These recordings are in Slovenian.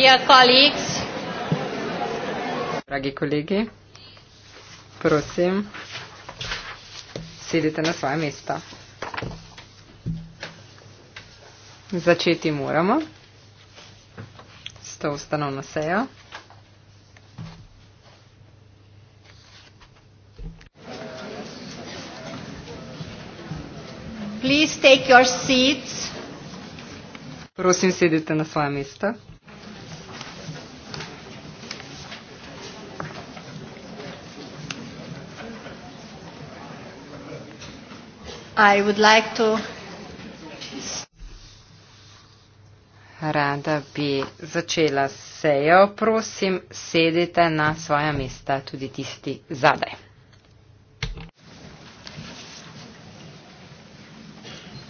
Dear colleagues. Dragi kolegi, prosim, sedite na svoje mesta. Začeti moramo s to ustanovno sejo. Please take your seats. Prosim, sedite na svoje mesta. I would like to Rada bi začela sejo, prosim, sedite na svoja mesta, tudi tisti zadaj.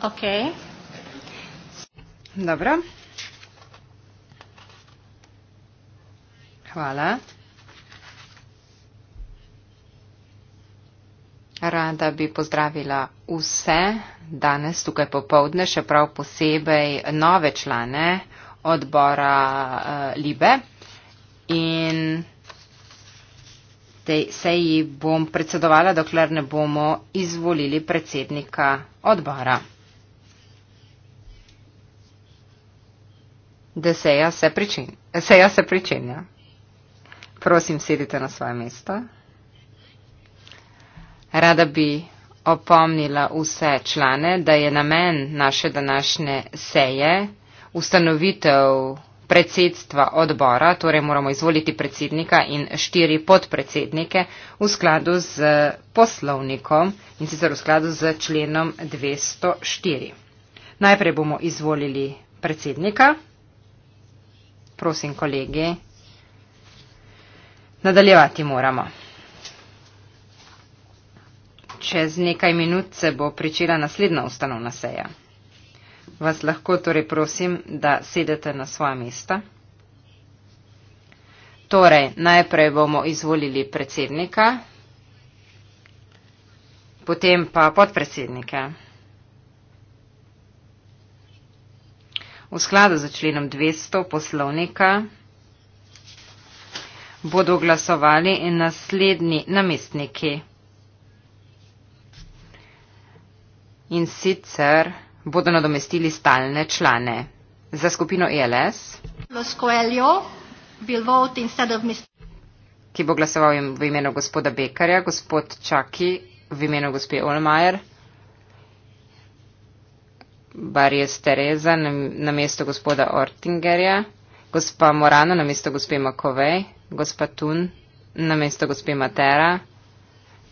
Ok. Dobro. Hvala. Rada bi pozdravila vse danes tukaj popovdne, še prav posebej nove člane odbora uh, Libe. In tej seji bom predsedovala, dokler ne bomo izvolili predsednika odbora. Da seja se, pričin, seja se pričenja. Prosim, sedite na svoje mesto. Rada bi opomnila vse člane, da je namen naše današnje seje ustanovitev predsedstva odbora, torej moramo izvoliti predsednika in štiri podpredsednike v skladu z poslovnikom in sicer v skladu z členom 204. Najprej bomo izvolili predsednika. Prosim, kolegi, nadaljevati moramo. Čez nekaj minut se bo pričela naslednja ustanovna seja. Vas lahko torej prosim, da sedete na svoja mesta. Torej, najprej bomo izvolili predsednika, potem pa podpredsednike. V skladu z členom 200 poslovnika bodo glasovali naslednji namestniki. in sicer bodo nadomestili stalne člane. Za skupino ELS, Coelho, ki bo glasoval v imenu gospoda Bekarja, gospod Čaki v imenu gospe Olmajer, Barjes Tereza na, na mesto gospoda Ortingerja, gospa Morano na mesto gospe Makovej, gospa Tun na mesto gospe Matera,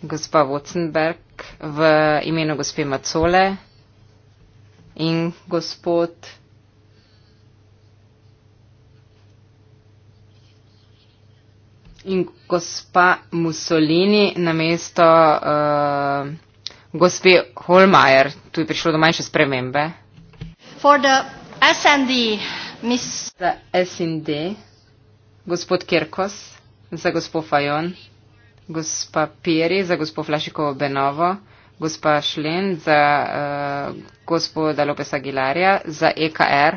gospa Wotzenberg Kozak v imenu gospe Macole in gospod in gospa Mussolini na mesto uh, eh, gospe Holmeier. Tu je prišlo do manjše spremembe. For the SND, Miss... SND, gospod Kirkos, za gospod Fajon gospa Piri, za gospo Flašiko Benovo, gospa Šlen, za uh, gospoda Lopesa Gilarja, za EKR,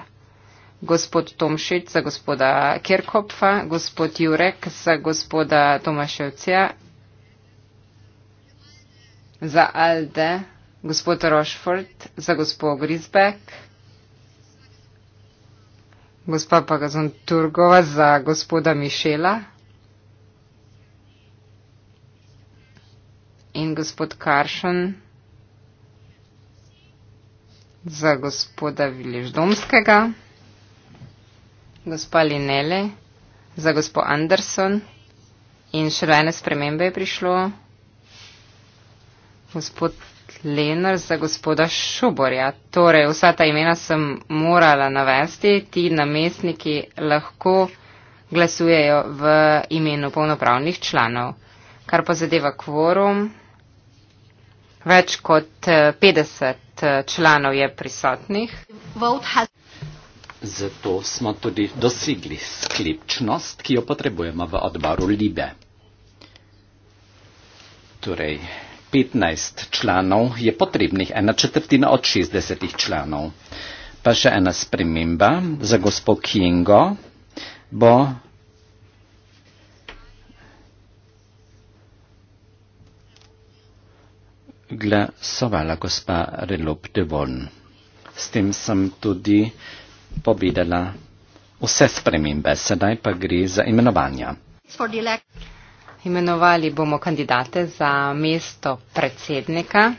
gospod Tomšič, za gospoda Kirkopfa, gospod Jurek, za gospoda Tomaševca, za Alde, gospod Rošford, za gospo Grisbek, gospa Pagazon Turgova, za gospoda Mišela. in gospod Karšen za gospoda Viliždomskega, gospa Linele za gospod Anderson in še ene spremembe je prišlo, gospod Lenar za gospoda Šuborja. Torej, vsa ta imena sem morala navesti, ti namestniki lahko glasujejo v imenu polnopravnih članov. Kar pa zadeva kvorum, Več kot 50 eh, eh, članov je prisotnih. Zato smo tudi dosegli sklepčnost, ki jo potrebujemo v odboru Libe. Torej, 15 članov je potrebnih, ena četrtina od 60 članov. Pa še ena sprememba za gospod Kingo bo glasovala gospa Relop Devon. S tem sem tudi povedala vse spremembe, sedaj pa gre za imenovanja. Imenovali bomo kandidate za mesto predsednika.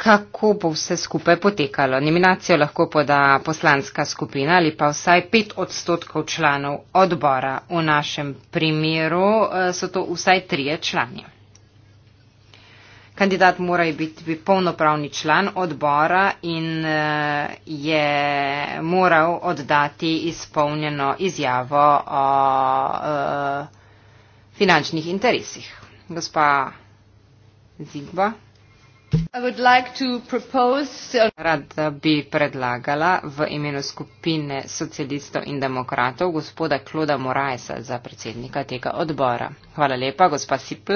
Kako bo vse skupaj potekalo? Nominacijo lahko poda poslanska skupina ali pa vsaj pet odstotkov članov odbora. V našem primeru eh, so to vsaj trije člani. Kandidat mora biti bi polnopravni član odbora in uh, je moral oddati izpolnjeno izjavo o uh, finančnih interesih. Gospa Zigba. Like propose... Uh, Rada bi predlagala v imenu skupine socialistov in demokratov gospoda Kloda Moraesa za predsednika tega odbora. Hvala lepa, gospa Sipl.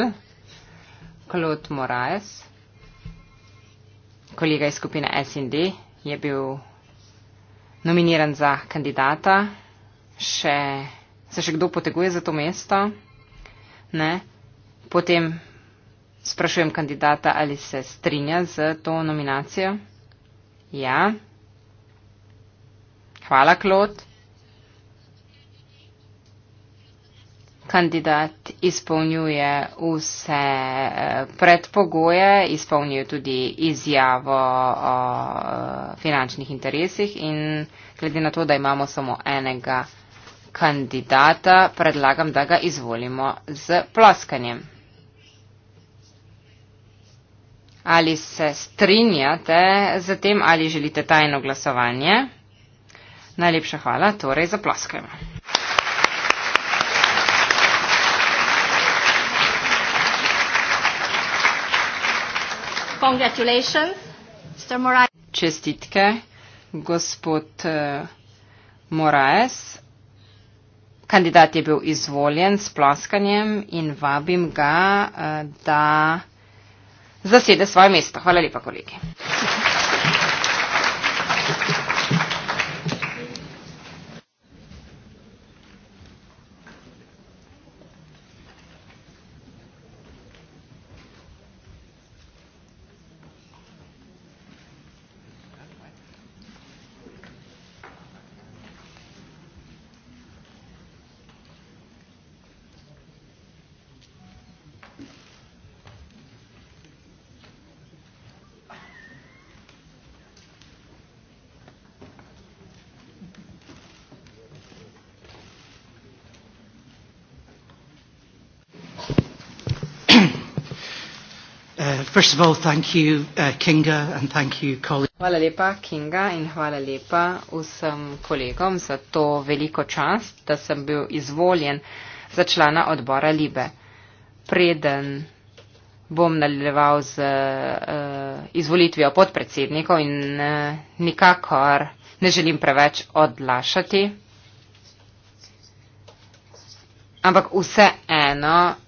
Claude Moraes, kolega iz skupine SND, je bil nominiran za kandidata. Še, se še kdo poteguje za to mesto? Ne. Potem sprašujem kandidata, ali se strinja z to nominacijo. Ja. Hvala, Claude. kandidat izpolnjuje vse eh, predpogoje, izpolnjuje tudi izjavo o eh, finančnih interesih in glede na to, da imamo samo enega kandidata, predlagam, da ga izvolimo z ploskanjem. Ali se strinjate z tem ali želite tajno glasovanje? Najlepša hvala, torej za ploskanje. Čestitke, gospod eh, Moraes. Kandidat je bil izvoljen s ploskanjem in vabim ga, eh, da zasede svoje mesto. Hvala lepa, kolegi. First of all, thank you, uh, Kinga, and thank you, hvala lepa, Kinga, in hvala lepa vsem kolegom za to veliko čast, da sem bil izvoljen za člana odbora Libe. Preden bom nadaljeval z uh, izvolitvijo podpredsednikov in uh, nikakor ne želim preveč odlašati, ampak vseeno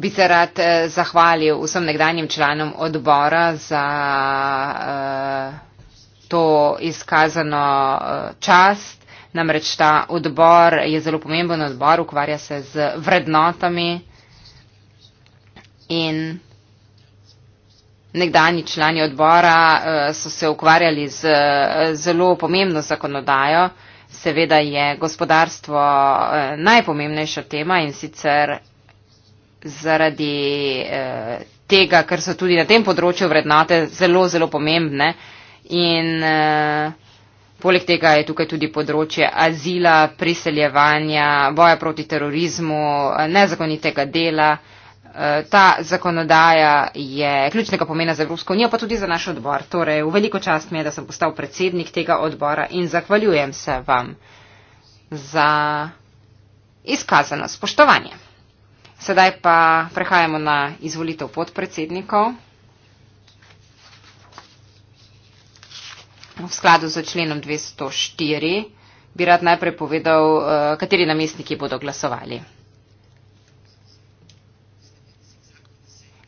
bi se rad eh, zahvalil vsem nekdanjim članom odbora za eh, to izkazano eh, čast. Namreč ta odbor je zelo pomemben odbor, ukvarja se z vrednotami in nekdani člani odbora so se ukvarjali z zelo pomembno zakonodajo. Seveda je gospodarstvo najpomembnejša tema in sicer zaradi eh, tega, ker so tudi na tem področju vrednote zelo, zelo pomembne. In eh, poleg tega je tukaj tudi področje azila, priseljevanja, boja proti terorizmu, eh, nezakonitega dela. Eh, ta zakonodaja je ključnega pomena za Evropsko unijo, pa tudi za naš odbor. Torej, v veliko čast mi je, da sem postal predsednik tega odbora in zahvaljujem se vam za izkazano spoštovanje. Sedaj pa prehajamo na izvolitev podpredsednikov. V skladu z členom 204 bi rad najprej povedal, eh, kateri namestniki bodo glasovali.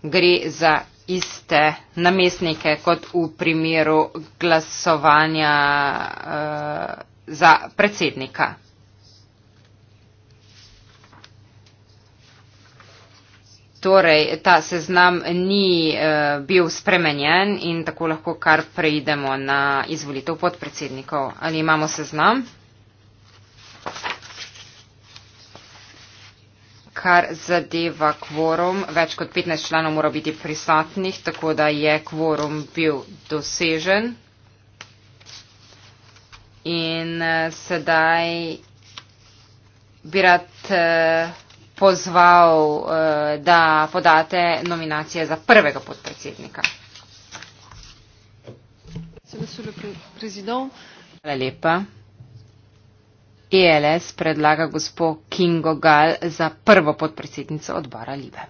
Gre za iste namestnike kot v primeru glasovanja eh, za predsednika. Torej, ta seznam ni uh, bil spremenjen in tako lahko kar preidemo na izvolitev podpredsednikov. Ali imamo seznam? Kar zadeva kvorum, več kot 15 članov mora biti prisotnih, tako da je kvorum bil dosežen. In uh, sedaj bi rad. Uh, pozval, eh, da podate nominacije za prvega podpredsednika. Hvala lepa. ELS predlaga gospo Kingo Gal za prvo podpredsednico odbora Libe.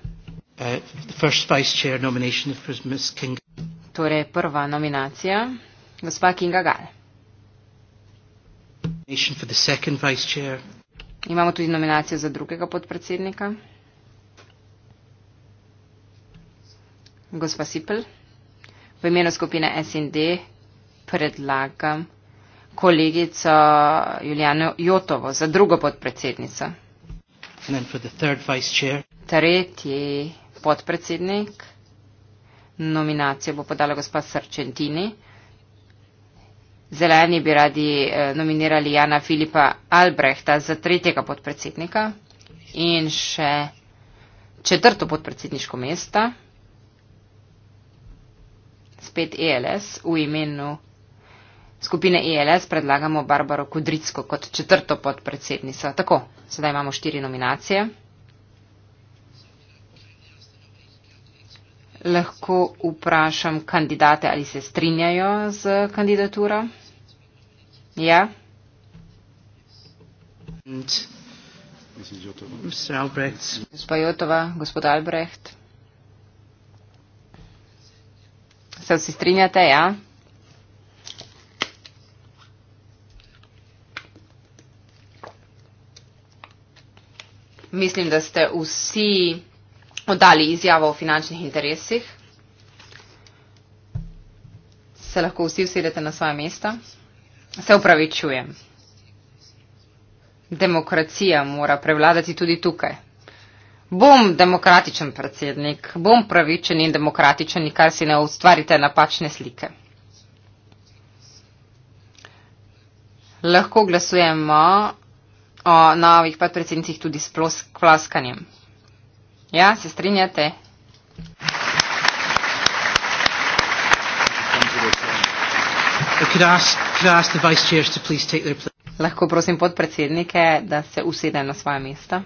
Uh, torej prva nominacija, gospa Kinga Gal. Imamo tudi nominacijo za drugega podpredsednika. Gospa Sipel, v imenu skupine SND predlagam kolegico Juliano Jotovo za drugo podpredsednico. Tretji podpredsednik. Nominacijo bo podala gospa Srčentini. Zeleni bi radi eh, nominirali Jana Filipa Albrehta za tretjega podpredsednika in še četrto podpredsedniško mesto. Spet ELS v imenu skupine ELS predlagamo Barbaro Kudricko kot četrto podpredsednico. Tako, sedaj imamo štiri nominacije. Lahko vprašam kandidate, ali se strinjajo z kandidaturo. Ja. Gospod Jotova, gospod Albrecht. Se vsi strinjate, ja? Mislim, da ste vsi oddali izjavo o finančnih interesih. Se lahko vsi usedete na svoje mesto? Se upravičujem. Demokracija mora prevladati tudi tukaj. Bom demokratičen predsednik, bom pravičen in demokratičen, nikar si ne ustvarite napačne slike. Lahko glasujemo o novih predsednicih tudi s ploskanjem. Ja, se strinjate? could ask, could ask the vice chairs to please take their place. Lahko prosim podpredsednike, da se usedejo na svoje mesta.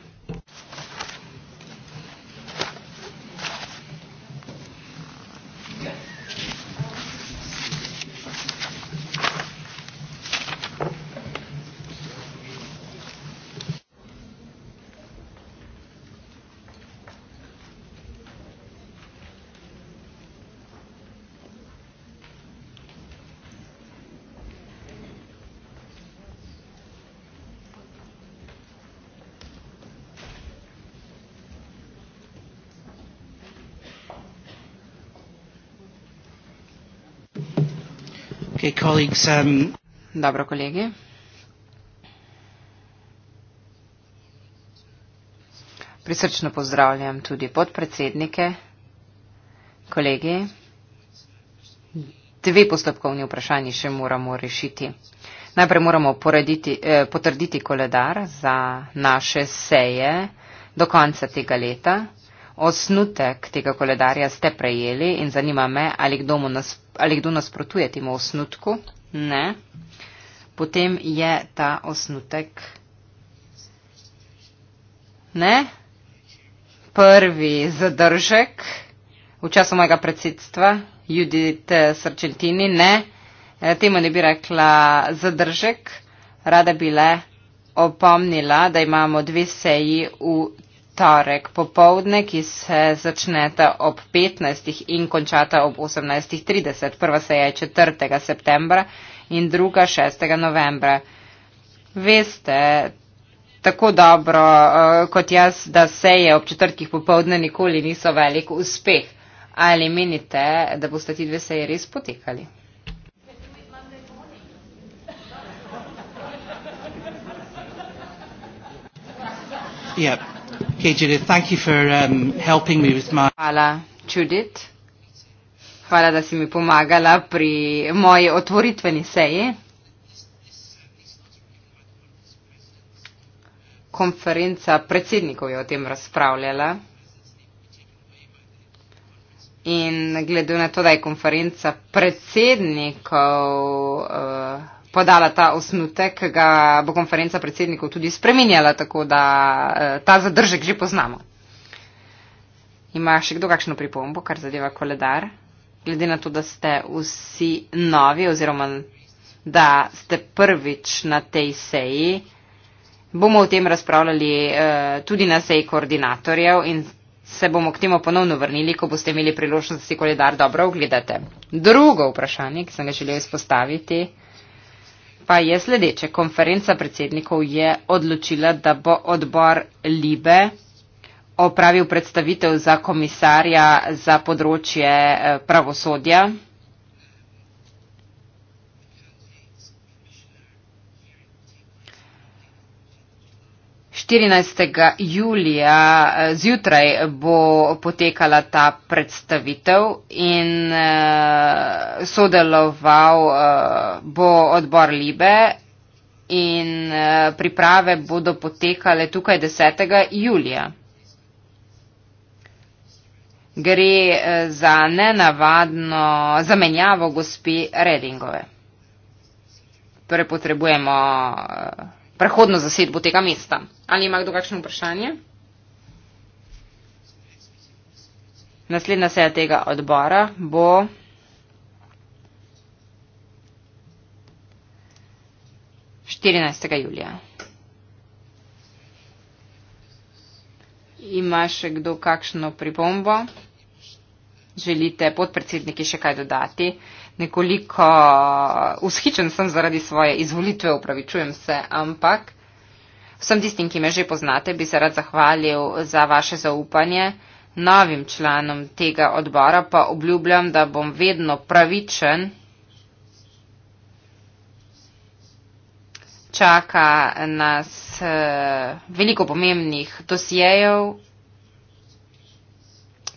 Um, Dobro, kolegi. Prisrčno pozdravljam tudi podpredsednike, kolegi. Dve postopkovni vprašanji še moramo rešiti. Najprej moramo porediti, eh, potrditi koledar za naše seje do konca tega leta. Osnutek tega koledarja ste prejeli in zanima me, ali kdo, nas, ali kdo nasprotuje temu osnutku. Ne. Potem je ta osnutek. Ne. Prvi zadržek v času mojega predsedstva, Judith Srčentini. Ne. E, temu ne bi rekla zadržek. Rada bi le opomnila, da imamo dve seji v torek popovdne, ki se začneta ob 15. in končata ob 18.30. Prva se je 4. septembra in druga 6. novembra. Veste tako dobro uh, kot jaz, da seje ob četrtih popovdne nikoli niso velik uspeh. Ali menite, da boste ti dve seje res potekali? Yeah. Ja. Okay, Judith, thank you for um, helping me with my... Hvala, Judith. Hvala, da si mi pomagala pri moji otvoritveni seji. Konferenca predsednikov je o tem razpravljala. In glede na to, da je konferenca predsednikov uh, podala ta osnutek, ga bo konferenca predsednikov tudi spreminjala, tako da eh, ta zadržek že poznamo. Ima še kdo kakšno pripombo, kar zadeva koledar? Glede na to, da ste vsi novi oziroma da ste prvič na tej seji, bomo o tem razpravljali eh, tudi na seji koordinatorjev in se bomo k temu ponovno vrnili, ko boste imeli priložnost, da si koledar dobro ogledate. Drugo vprašanje, ki sem ga želel izpostaviti pa je sledeče. Konferenca predsednikov je odločila, da bo odbor Libe opravil predstavitev za komisarja za področje eh, pravosodja. 14. julija eh, zjutraj bo potekala ta predstavitev in eh, sodeloval eh, bo odbor Libe in priprave bodo potekale tukaj 10. julija. Gre za nenavadno zamenjavo gospi Redingove. Torej potrebujemo prehodno zasedbo tega mesta. Ali ima kdo kakšno vprašanje? Naslednja seja tega odbora bo. štirinajstega julija. Ima še kdo kakšno pripombo? Želite podpredsedniki še kaj dodati? Nekoliko ushičen uh, sem zaradi svoje izvolitve, upravičujem se, ampak vsem tistim, ki me že poznate, bi se rad zahvalil za vaše zaupanje. Novim članom tega odbora pa obljubljam, da bom vedno pravičen. Čaka nas uh, veliko pomembnih dosjejev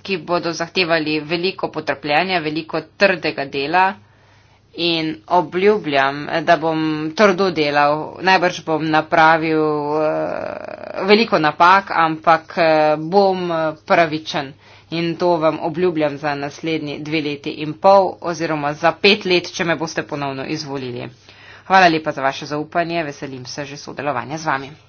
ki bodo zahtevali veliko potrpljenja, veliko trdega dela in obljubljam, da bom trdo delal. Najbrž bom napravil eh, veliko napak, ampak eh, bom eh, pravičen. In to vam obljubljam za naslednji dve leti in pol oziroma za pet let, če me boste ponovno izvolili. Hvala lepa za vaše zaupanje, veselim se že sodelovanja z vami.